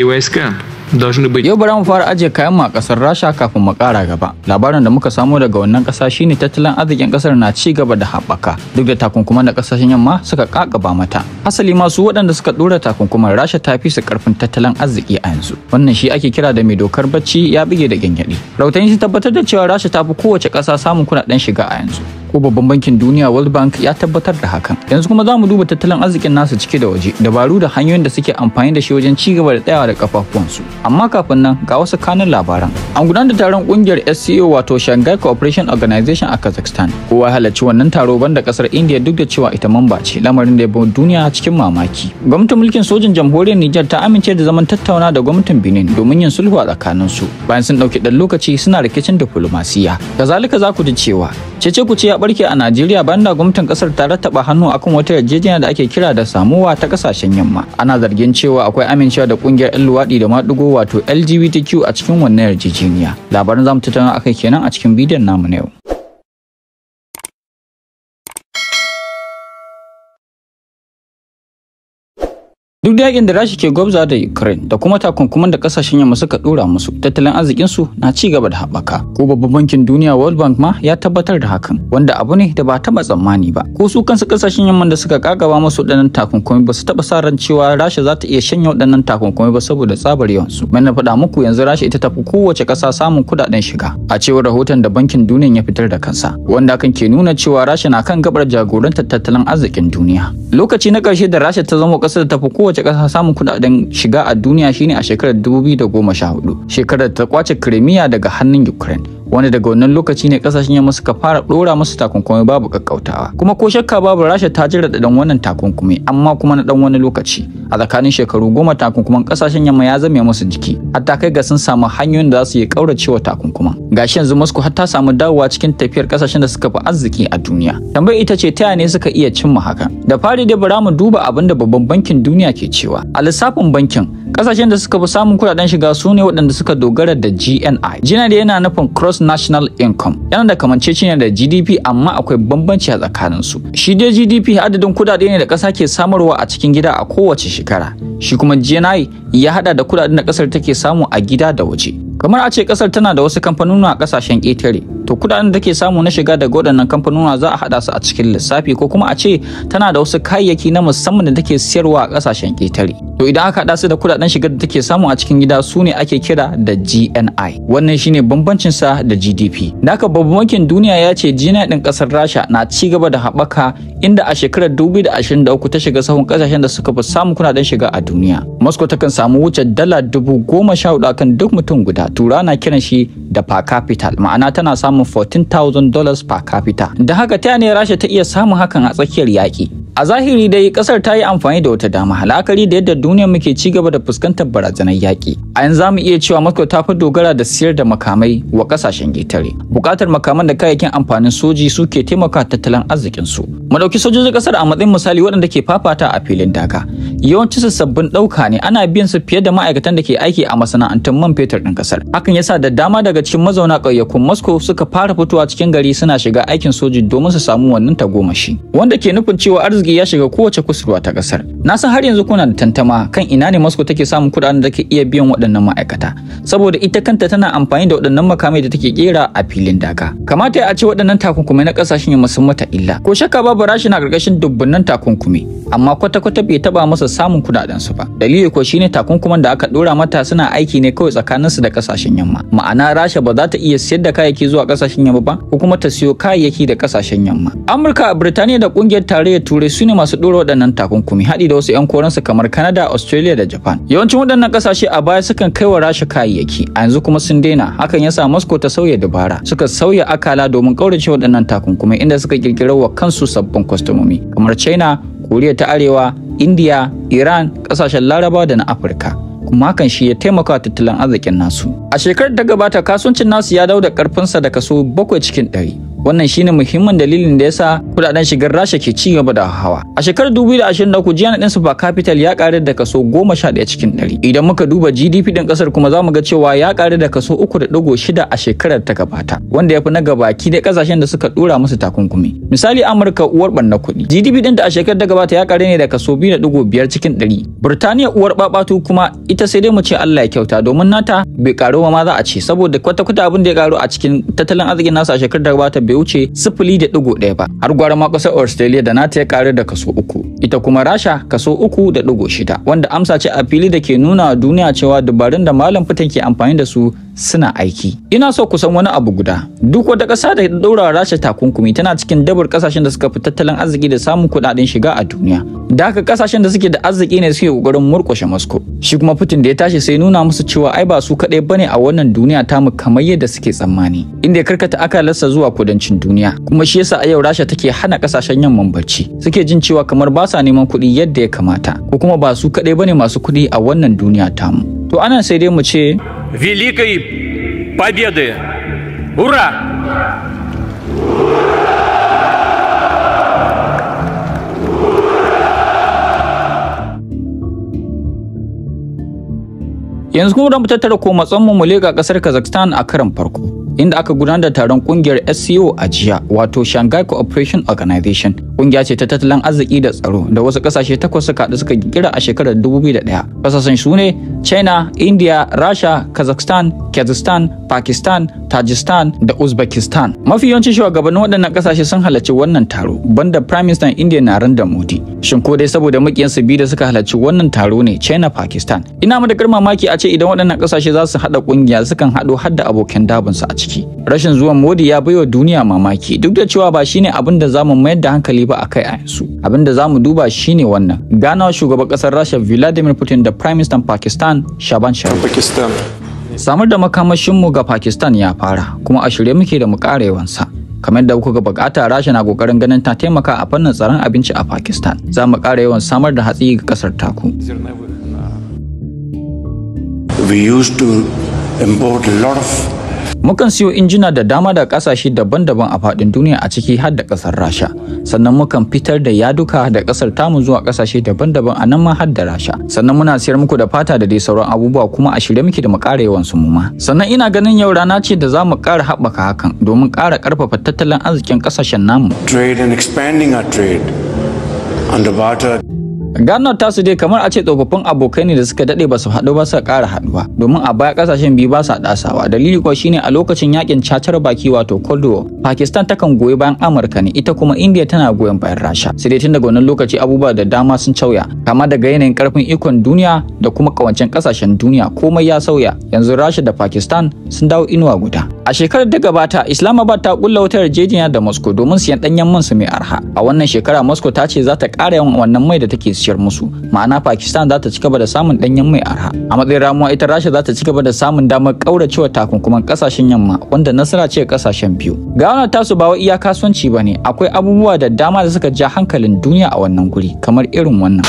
e o scan. Yau bara mu fara ajiye kayan mu a kasar Rasha kafin mu kara gaba. Labarin da muka samo daga wannan kasa shine tattalin arzikin kasar na ci gaba da haɓaka duk da takunkuman da kasashen yamma suka kakaba mata. Asali ma su waɗanda suka dora takunkuman Rasha ta fi su karfin tattalin arziki a yanzu. Wannan shi ake kira da mai dokar bacci ya bige da gyangyaɗi. Rautani shi tabbatar da cewa Rasha ta fi kowace ƙasa samun kuɗaɗen shiga a yanzu. ko babban bankin duniya world bank ya tabbatar da hakan yanzu kuma za mu duba tattalin arzikin nasu cike da waje dabaru da hanyoyin da suke amfani da shi wajen ci gaba da tsayawa da kafafuwansu amma kafin nan ga wasu kanin labaran an gudanar da taron kungiyar SCO wato Shanghai Cooperation Organization a Kazakhstan kowa halarci wannan taro banda kasar India duk da cewa ita mamba ce lamarin da ya bi duniya cikin mamaki gwamnatin mulkin sojin jamhuriyar Niger ta amince da zaman tattauna da gwamnatin Benin domin yin sulhu a tsakaninsu bayan sun ɗauki ɗan lokaci suna rikicin diplomasiya kazalika za ku ji cewa cece kuce ya barke a najeriya bayan da gwamnatin kasar ta rattaba hannu akan wata yarjejeniya da ake kira da samuwa ta kasashen yamma ana zargin cewa akwai amincewa da kungiyar yan luwaɗi da maɗigo wato lgbtq a cikin wannan yarjejeniya labarin zamu tattauna akai kenan a cikin bidiyon namu na yau duk da yakin da rashi ke gwabza da ukraine da kuma takunkuman da kasashen yamma suka dora musu tattalin arzikinsu na ci gaba da haɓaka ko babban bankin duniya world bank ma ya tabbatar da hakan wanda abu ne da ba taɓa tsammani ba ko su kansu kasashen yamma da suka kakaba musu waɗannan takunkumi ba su taɓa sa ran cewa rasha za ta iya shanye waɗannan takunkumi ba saboda tsabar yawansu mai na faɗa muku yanzu rasha ita tafi kowace ƙasa samun kuɗaɗen shiga a cewar rahoton da bankin duniya ya fitar da kansa wanda kan ke nuna cewa rasha na kan gabar jagorantar tattalin arzikin duniya lokaci na ƙarshe da rasha ta zama ƙasar da tafi kowace kowace ƙasa samun kuɗaɗen shiga a duniya shine a shekarar 2014 shekarar ta kwace Crimea daga hannun Ukraine wanda daga wannan lokaci ne kasashen yamma suka fara dora musu takunkumi babu kakkautawa kuma ko shakka babu rasha ta jira da dan wannan takunkumi amma kuma na dan wani lokaci a tsakanin shekaru goma takunkuman kasashen yamma ya zame musu jiki hatta kai ga sun samu hanyoyin da za su yi kauracewa takunkuman gashi yanzu musku har samu dawowa cikin tafiyar kasashen da suka fi arziki a duniya tambayar ita ce taya ne suka iya cimma haka da fari dai bara mu duba abin da babban bankin duniya ke cewa a lissafin bankin kasashen da suka fi samun kudaden shiga su ne waɗanda suka dogara da GNI GNI yana nufin cross national income yana da kamanceceniya da GDP amma akwai bambanci a tsakanin su shi dai GDP adadin kudade ne da kasa ke samarwa a cikin gida a kowace shekara shi kuma GNI ya hada da kudaden da ƙasar take samu a gida da waje kamar a ce kasar tana da wasu kamfanuna a ƙasashen ƙetare to kudaden da take samu na shiga daga waɗannan kamfanuna za a hada su a cikin lissafi ko kuma a ce tana da wasu kayayyaki na musamman da take siyarwa a ƙasashen ƙetare to idan aka haɗa su da kudaden shiga da take samu a cikin gida su ne ake kira da GNI wannan shine bambancin sa da GDP Da naka babban bankin duniya ya ce GNI din kasar Rasha na ci gaba da haɓaka inda a shekarar 2023 ta shiga sahun kasashen da suka fi samun kudaden shiga a duniya Moscow takan samu wuce dala dubu goma sha hudu akan duk mutum guda tura na kiran shi da per capital ma'ana tana samun 14,000 dollars per capita da haka ta ne Rasha ta iya samun hakan a tsakiyar yaƙi A zahiri dai kasar ta yi amfani da wata dama la'akari da yadda duniya muke ci gaba da fuskantar barazanar yaƙi. A yanzu zamu iya cewa Moscow ta fi dogara da siyar da makamai wa kasashen getare. Bukatar makaman da kayayyakin amfanin soji suke taimaka tattalin arzikin su. Mu ɗauki sojojin kasar a matsayin misali waɗanda ke fafata a filin daga. Yawanci su sabbin ɗauka ne ana biyan su fiye da ma'aikatan da ke aiki a masana'antun man fetur ɗin kasar. Hakan yasa da dama daga cikin mazauna ƙauyakun Moscow suka fara fitowa cikin gari suna shiga aikin soji domin su samu wannan tagomashi. Wanda ke nufin cewa arziki arziki ya shiga kowace kusurwa ta kasar. Na san har yanzu kuna da tantama kan ina ne Moscow take samun kuɗaɗen da take iya biyan waɗannan ma'aikata, saboda ita kanta tana amfani da waɗannan makamai da take kera a filin daga. Kamata a ce waɗannan takunkumai na ƙasashen yamma sun mata illa. Ko shakka babu rashi na ƙarƙashin dubbunan takunkumi, amma kwata-kwata bai taɓa masa samun kuɗaɗen su ba. Dalili ko shine takunkuman da aka ɗora mata suna aiki ne kawai su da ƙasashen yamma. Ma'ana Rasha ba za ta iya siyar da kayayyaki zuwa ƙasashen yamma ba, ko kuma ta siyo kayayyaki da ƙasashen yamma. Amurka, Birtaniya da ƙungiyar tarayyar Turai su ne masu ɗora waɗannan takunkumi haɗi da wasu 'yan koransu kamar kanada, Australia da Japan. Yawancin waɗannan ƙasashe a baya sukan kai wa Rasha kayayyaki, a yanzu kuma sun daina, hakan yasa Moscow ta sauya dabara, suka sauya akala domin ƙaurace waɗannan takunkumi. inda suka ƙirƙirar wa kansu sabbin kwastomomi kamar China, Koriya ta Arewa, India, Iran, ƙasashen Larabawa da na Afirka. kuma hakan shi ya taimaka tattalin arzikin nasu. A shekarar da gabata kasuwancin nasu ya dawo da karfinsa da kaso bakwai cikin ɗari. Wannan shine muhimmin dalilin da yasa kudaden shigar Rasha ke ci gaba da hawa. A shekarar 2023 jiyan ɗin super capital ya ƙaru da kaso 11 cikin 100. Idan muka duba GDP din kasar kuma zamu ga cewa ya ƙaru da kaso 3.6 a shekarar ta gabata, wanda yafi na gabaki da kasashen da suka dora musu takunkumi. Misali Amurka uwar banna kuɗi. GDP din da a shekarar da gabata ya ƙaru ne da kaso 2.5 cikin 100. burtaniya uwar babatu kuma ita sai dai mu ce Allah ya kyauta domin nata bai ƙaru ma za a ce saboda kwata-kwata abin da ya ƙaru a cikin tattalin arzikin nasa a shekarar da gabata bai wuce 0.1 ba har gwara ma kasar Australia da nata ya karar da kaso uku ita kuma Rasha kaso uku da digo shida wanda amsa ce a fili da ke nuna duniya cewa dabarun da malam fitan ke amfani da su suna aiki. Ina so kusan wani abu guda. Duk wata ƙasa da ta ɗaura rasha takunkumi tana cikin dabar ƙasashen da suka fi tattalin arziki da samun kuɗaɗen shiga a duniya. Da haka ƙasashen da suke da arziki ne suke ƙoƙarin murƙushe Moscow. Shi kuma Putin da ya tashi sai nuna musu cewa ai ba su kaɗai bane a wannan duniya tamu kamar yadda suke tsammani. Inda ya karkata akalarsa zuwa kudancin duniya. Kuma shi yasa a yau rasha take hana ƙasashen yamman bacci Suke jin cewa kamar ba sa neman kuɗi yadda ya kamata. Ko kuma ba su kaɗai bane masu kuɗi a wannan duniya tamu. to anan sai dai mu ce velikai победы ура yanzu kuma mu tattara komatsanmu mu leƙa kasar kazakhstan a karan farko inda aka gudanar da taron kungiyar sco a jiya wato shanghai cooperation organization kungiya ce ta tattalin arziki da tsaro da wasu kasashe takwas suka haɗu suka kira a shekarar 2001 Kasashen su ne china india rasha kazakhstan Kyrgyzstan pakistan tajistan da uzbekistan mafi yawancin shugabannin waɗannan ƙasashe sun halarci wannan taro banda prime minister india narendra modi shin ko dai saboda makiyansu biyu da suka halarci wannan taro ne china pakistan ina matakar mamaki a ce idan waɗannan ƙasashe za su haɗa ƙungiya sukan haɗo har da abokan dabin su a ciki rashin zuwan modi ya baiwa duniya mamaki duk da cewa ba shine abin da zamu mayar da hankali ba akai a yanzu abin da zamu duba shine wannan ganawa shugaban ƙasar Russia vladimir putin da prime minister pakistan Pakistan Shaban Pakistan. Samar da makamashinmu ga Pakistan ya fara kuma a shirye muke da mu karewansa. kamar da kuka bukata rasha na kokarin ganin ta taimaka a fannin tsaron abinci a pakistan za mu kara yawan samar da hatsi ga kasar taku we used to import a lot of Mukan siyo injina da dama da kasashe daban-daban a faɗin duniya a ciki har da ƙasar Rasha. Sannan mukan fitar da yaduka da ƙasar tamu zuwa ƙasashe daban-daban a nan ma har da Rasha. Sannan muna siyar muku da fata da dai sauran abubuwa kuma a shirye muke da mu ƙara yawan su ma. Sannan ina ganin yau rana ce da za mu ƙara haɓaka hakan domin ƙara ƙarfafa tattalin arzikin ƙasashen namu. Trade and expanding our trade under barter Ganar tasu dai kamar a ce tsofaffin abokai ne da suka dade ba su haɗu ba su ƙara haɗuwa domin a baya kasashen biyu ba sa ɗasawa dalili kuwa shine a lokacin yakin cacar baki wato Cold War Pakistan takan goyi bayan Amurka ne ita kuma India tana goyon bayan Rasha sai dai tun daga wannan lokaci abubuwa da dama sun cauya kama daga yanayin karfin ikon duniya da kuma kawancen kasashen duniya komai ya sauya yanzu Rasha da Pakistan sun dawo inuwa guda a shekarar da gabata Islamabad ta kulla wutar jejiya da Moscow domin siyan danyen man su mai arha a wannan shekara Moscow ta ce za ta kara yawan wannan mai da take siyar musu ma'ana pakistan za ta ci gaba da samun danyen mai arha a matsayin ramuwa ita rasha za ta ci gaba da samun damar kauracewa takunkuman kasashen yamma wanda nasara ce kasashen biyu wannan tasu ba iya kasuwanci ba ne akwai abubuwa da dama da suka ja hankalin duniya a wannan guri kamar irin wannan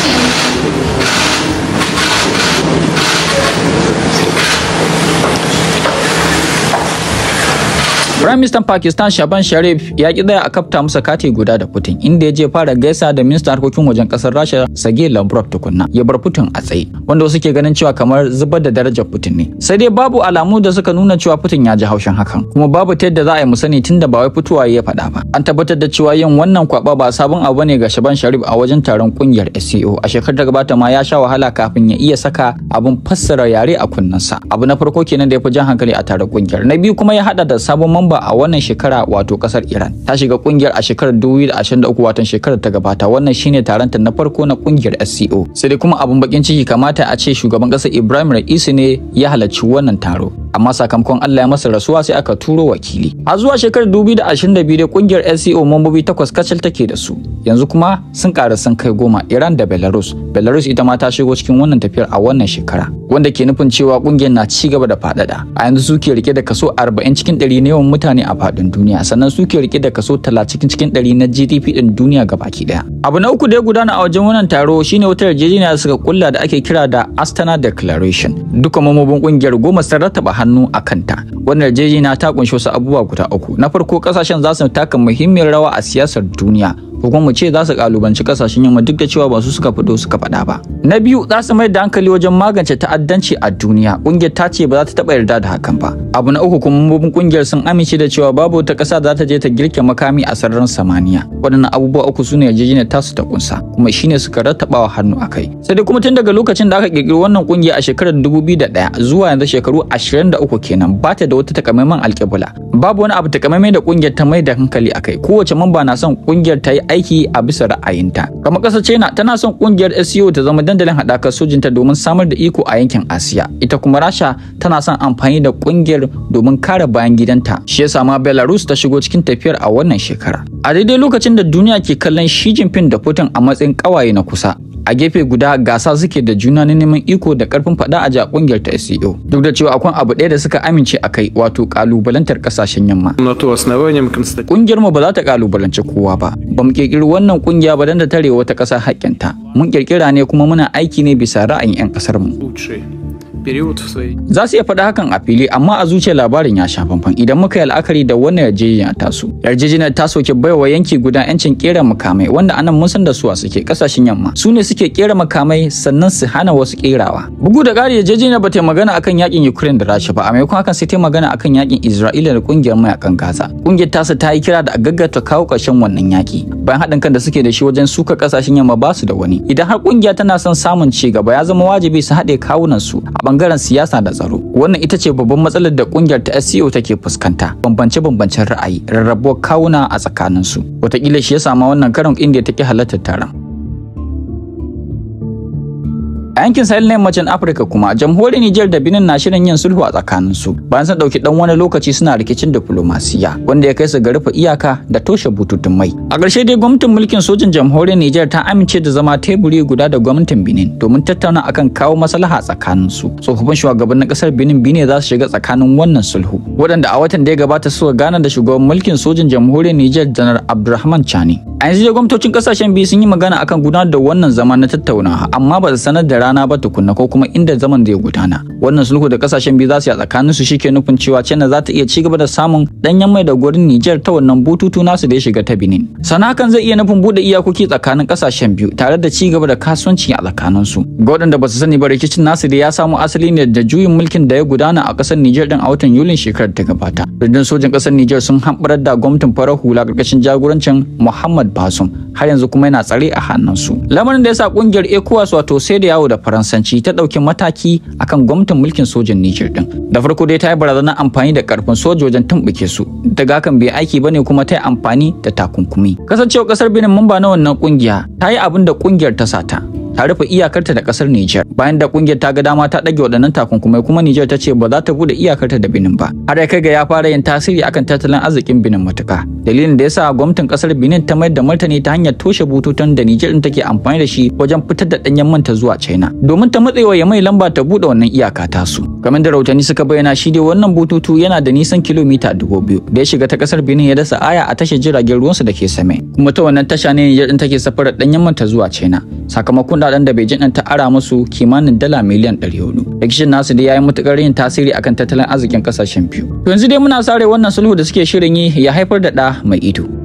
Firaministan Pakistan Shaban Sharif ya ki daya a kafta masa kati guda da Putin inda ya je fara gaisa da ministan harkokin wajen kasar Rasha Sergey Lavrov tukunna ya bar Putin a tsaye wanda wasu ke ganin cewa kamar zubar da darajar Putin ne. Sai dai babu alamu da suka nuna cewa Putin ya ji haushin hakan kuma babu ta yadda za a yi mu sani tunda ba wai fitowa ya faɗa ba. An tabbatar da cewa yin wannan kwaba ba sabon abu ne ga Shaban Sharif a wajen taron kungiyar SCO a shekarar da gabata ma ya sha wahala kafin ya iya saka abun fassara yare a sa. Abu na farko kenan da ya fi jan hankali a taron kungiyar. Na biyu kuma ya hada da sabon Nuwamba a wannan shekara wato kasar Iran ta shiga kungiyar a shekarar 2023 watan shekarar ta gabata wannan shine taronta na farko na kungiyar SCO sai kuma abun bakin ciki kamata a ce shugaban kasar Ibrahim Raisi ne ya halarci wannan taro amma sakamakon Allah ya masa rasuwa sai aka turo wakili a zuwa shekarar 2022 da kungiyar SCO mambobi takwas kacal take da su yanzu kuma sun ƙara sun kai goma Iran da Belarus Belarus ita ma ta shigo cikin wannan tafiyar a wannan shekara wanda ke nufin cewa kungiyar na ci gaba da faɗaɗa a yanzu suke rike da kaso 40 cikin 100 na yawan mutane a faɗin duniya sannan suke rike da kaso 30 cikin 100 na GDP din duniya gabaki ɗaya. abu na uku da ya gudana a wajen wannan taro shine wata yarjejeniya suka kulla da ake kira da Astana Declaration duka mambobin kungiyar goma sun rattaba hannu a kanta wannan yarjejeniya ta kunshi wasu abubuwa guda uku na farko kasashen za su taka muhimmiyar rawa a siyasar duniya ko mu ce za su kalubanci kasashen yamma duk da cewa ba su suka fito suka faɗa ba na biyu za su mai da hankali wajen magance ta'addanci a duniya kungiyar ta ce ba za ta taɓa yarda da hakan ba abu na uku kuma mambobin kungiyar sun amince da cewa babu wata ƙasa za ta je ta girke makami a sararin samaniya waɗannan abubuwa uku su ne yarjejeniyar tasu ta kunsa kuma shine suka rattabawa hannu a kai sai dai kuma tun daga lokacin da aka kirkiri wannan kungiya a shekarar 2001 zuwa yanzu shekaru 23 kenan ba ta da wata takamaiman alƙibla babu wani abu takamaimai da kungiyar ta mai da hankali a kowace mamba na son kungiyar ta yi aiki a bisa ra'ayinta. Kama ƙasar China tana son ƙungiyar SEO ta zama dandalin haɗakar sojinta domin samar da iko a yankin Asiya. Ita kuma Rasha tana son amfani da ƙungiyar domin kare bayan gidanta. Shi yasa ma Belarus ta shigo cikin tafiyar a wannan shekara. A daidai lokacin da duniya ke kallon Xi Jinping da Putin a matsayin ƙawaye na kusa, a gefe guda gasa suke da juna na neman iko da karfin fada a ja kungiyar ta SEO duk da cewa akwai abu ɗaya da suka amince a kai wato kalubalantar kasashen yamma kungiyar mu ba za ta kalubalance kowa ba ba mu kirkiri wannan kungiya ba dan da tare wata hakkin haƙƙinta mun kirkira ne kuma muna aiki ne bisa ra'ayin 'yan ƙasar mu period sosai. Za su iya faɗa hakan a fili amma a zuciyar labarin ya sha fanfan idan muka yi al'akari da wannan yarjejeniya su Yarjejeniyar ta soke baiwa yanki guda yancin kera makamai wanda anan mun san da su suke kasashen yamma. Su ne suke kera makamai sannan su hana wasu kerawa. Bugu da ƙari yarjejeniya ba ta magana akan yakin Ukraine da Rasha ba a maimakon hakan sai ta magana akan yakin Isra'ila da kungiyar mayakan Gaza. Kungiyar tasa ta yi kira da a gaggata kawo ƙarshen wannan yaki. Bayan haɗin kan da suke da shi wajen suka kasashen yamma ba su da wani. Idan har kungiya tana son samun ci gaba ya zama wajibi su haɗe kawunan su a bangaren siyasa da tsaro wannan ita ce babban matsalar da kungiyar ta SCO take fuskanta bambance-bambancen ra'ayi rarrabuwar kawuna a tsakaninsu wataƙila shi ya sama wannan karon inda ta ki halartar taron a yankin sahel na yammacin afirka kuma jamhuriyar nijar da benin na shirin yin sulhu a tsakanin su bayan sun dauki dan wani lokaci suna rikicin diflomasiya wanda ya kai su ga rufe iyaka da toshe bututun mai a ƙarshe dai gwamnatin mulkin sojin jamhuriyar nijar ta amince da zama teburi guda da gwamnatin benin domin tattauna akan kawo maslaha tsakanin su tsofaffin shugabannin ƙasar benin benin za su shiga tsakanin wannan sulhu waɗanda a watan da ya gabata suka gana da shugaban mulkin sojin jamhuriyar nijar janar abdulrahman chani a yanzu da gwamnatocin ƙasashen biyu sun yi magana akan gudanar da wannan zama na tattaunawa amma ba su sanar da rana ba tukunna ko kuma inda zaman zai gudana wannan sulhu da kasashen biyu za su yi a tsakanin su shike nufin cewa China za ta iya ci gaba da samun danyen mai da gurin Niger ta wannan bututu nasu da ya shiga ta Benin sana kan zai iya nufin bude iyakoki tsakanin kasashen biyu tare da ci gaba da kasuwanci a tsakanin su gordon da ba su sani ba rikicin nasu da ya samu asali ne da juyin mulkin da ya gudana a kasar Niger din a watan Yulin shekarar ta gabata rundun sojin kasar Niger sun hambarar da gwamnatin farar hula karkashin jagorancin Muhammad Basum har yanzu kuma yana tsare a hannun su lamarin da ya sa kungiyar ECOWAS wato sai da yawo da Faransanci ta ɗauki mataki akan gwamnatin mulkin sojan Niger ɗin. Da farko dai ta yi barazanar amfani da ƙarfin soja wajen tumɓuke su. Daga hakan bai aiki bane kuma ta yi amfani da takunkumi. Kasancewar ƙasar Benin mamba na wannan ƙungiya ta yi abin da ƙungiyar ta sata. ta rufe iyakarta da kasar Niger. bayan da kungiyar ta ga dama ta dage waɗannan takunkumai kuma Niger ta ce ba za ta bude iyakarta da Benin ba har ya kai ga ya fara yin tasiri akan tattalin arzikin Benin matuka dalilin da yasa gwamnatin kasar Benin ta mayar da martani ta hanyar toshe bututun da Niger din take amfani da shi wajen fitar da danyen manta zuwa China domin ta matsewa ya mai lamba ta bude wannan iyaka su. kamar da rautani suka bayyana shi dai wannan bututu yana da nisan kilomita dubu da ya shiga ta kasar Benin ya dasa aya a tashar jiragen ruwansu da ke same kuma ta wannan tasha ne Nijar din take safarar danyen manta zuwa China sakamakon kudaden da Beijing din ta ara musu kimanin dala miliyan 400. Rikishin nasu dai yayi matukar yin tasiri akan tattalin arzikin ƙasashen biyu. To yanzu dai muna sare wannan sulhu da suke shirin yi ya haifar da ɗa mai ido.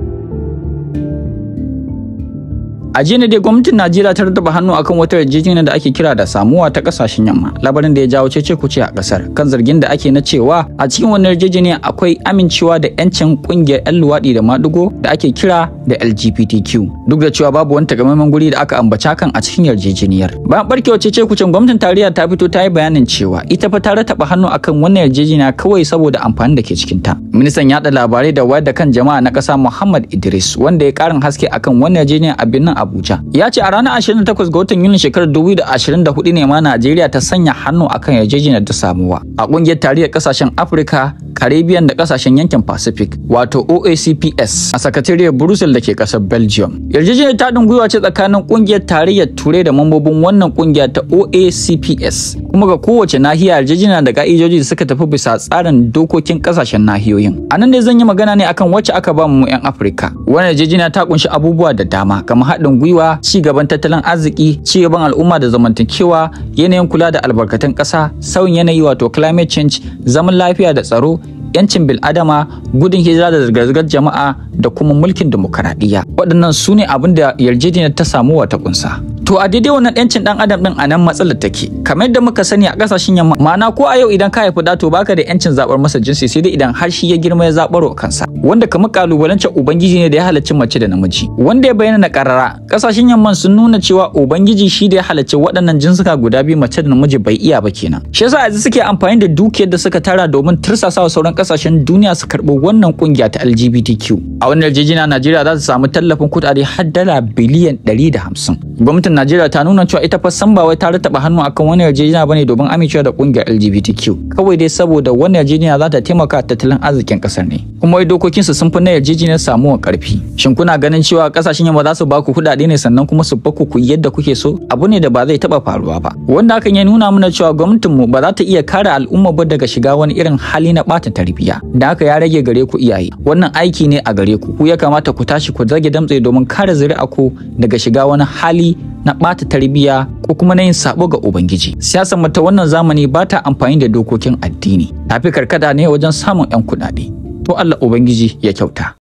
A jiya ne dai gwamnatin Najeriya ta rataba hannu akan wata yarjejeniya da ake kira da samuwa ta kasashen yamma, labarin da ya jawo cece kuce a kasar kan zargin da ake na cewa a cikin wannan yarjejeniya akwai amincewa da yancin kungiyar 'yan luwaɗi da madugo da ake kira da LGBTQ. Duk da cewa babu wani takamaiman guri da aka ambaca kan a cikin yarjejeniyar. Bayan barkewa cece kucen gwamnatin tarayya ta fito ta yi bayanin cewa ita fa ta rataba hannu akan wannan yarjejeniya kawai saboda amfani da ke cikin ta. Ministan yaɗa labarai da wayar da kan jama'a na kasa Muhammad Idris wanda ya karin haske akan wannan yarjejeniya a birnin Abuja. Ya ce a ranar 28 ga watan Yuni shekarar 2024 ne ma Najeriya ta sanya hannu akan yarjejeniyar ta samuwa a kungiyar tarayyar kasashen Afirka, Caribbean da kasashen yankin Pacific, wato OACPS a sakatariyar Brussels da ke kasar Belgium. Yarjejeniyar ta gwiwa ce tsakanin kungiyar tarayyar Turai da mambobin wannan kungiya ta OACPS. Kuma ga kowace nahiya yarjejeniya da ka'idoji suka tafi bisa tsarin dokokin kasashen nahiyoyin. A nan ne zan yi magana ne akan wacce aka ba mu 'yan Afirka. Wannan yarjejeniya ta kunshi abubuwa da dama kamar haɗin gwiwa ci gaban tattalin arziki ci gaban al'umma da zamantakewa yanayin kula da albarkatun ƙasa sauyin yanayi wato climate change zaman lafiya da tsaro yancin bil'adama gudun hijira da zirga-zirgar jama'a da kuma mulkin demokaradiyya waɗannan su ne abin da yarjejeniyar ta samu wata ƙunsa. to a daidai wannan yancin ɗan adam a nan matsalar take kamar yadda muka sani a kasashen yamma ma'ana ko a yau idan ka haifi da to baka da yancin zabar masa jinsi sai dai idan har shi ya girma ya wa kansa wanda kamar kalubalancin ubangiji ne da ya halarci mace da namiji wanda ya bayyana na karara kasashen yamma sun nuna cewa ubangiji shi da ya halarci waɗannan jinsuka guda biyu mace da namiji bai iya ba kenan shi yasa yanzu suke amfani da dukiyar da suka tara domin tursasawa sauran kasashen duniya su karɓi wannan kungiya ta LGBTQ a wannan yarjejeniya Najeriya za ta samu tallafin kuɗaɗe har dala biliyan 150 gwamnatin Najeriya ta nuna cewa ita fa san ba wai ta rataba hannu akan wani yarjejeniya bane domin amincewa da kungiyar LGBTQ kawai dai saboda wannan yarjejeniya za ta taimaka tattalin arzikin kasar ne kuma dokokin su sun fi na yarjejeniyar samuwa karfi shin kuna ganin cewa kasashen yamma za su ba ku kuɗaɗe ne sannan kuma su baku ku yadda kuke so abu ne da ba zai taba faruwa ba wanda hakan ya nuna mana cewa gwamnatin mu ba za ta iya kare al'umma ba daga shiga wani irin hali na bata tarbiyya da haka ya rage gare ku iyaye wannan aiki ne a gare ku ku ya kamata ku tashi ku zage damtse domin kare zuri'a ku daga shiga wani hali na ɓata tarbiyya ko kuma na yin sabo ga ubangiji siyasar mata wannan zamani ba ta amfani da dokokin addini tafi karkada ne wajen samun 'yan kuɗaɗe to allah ubangiji ya kyauta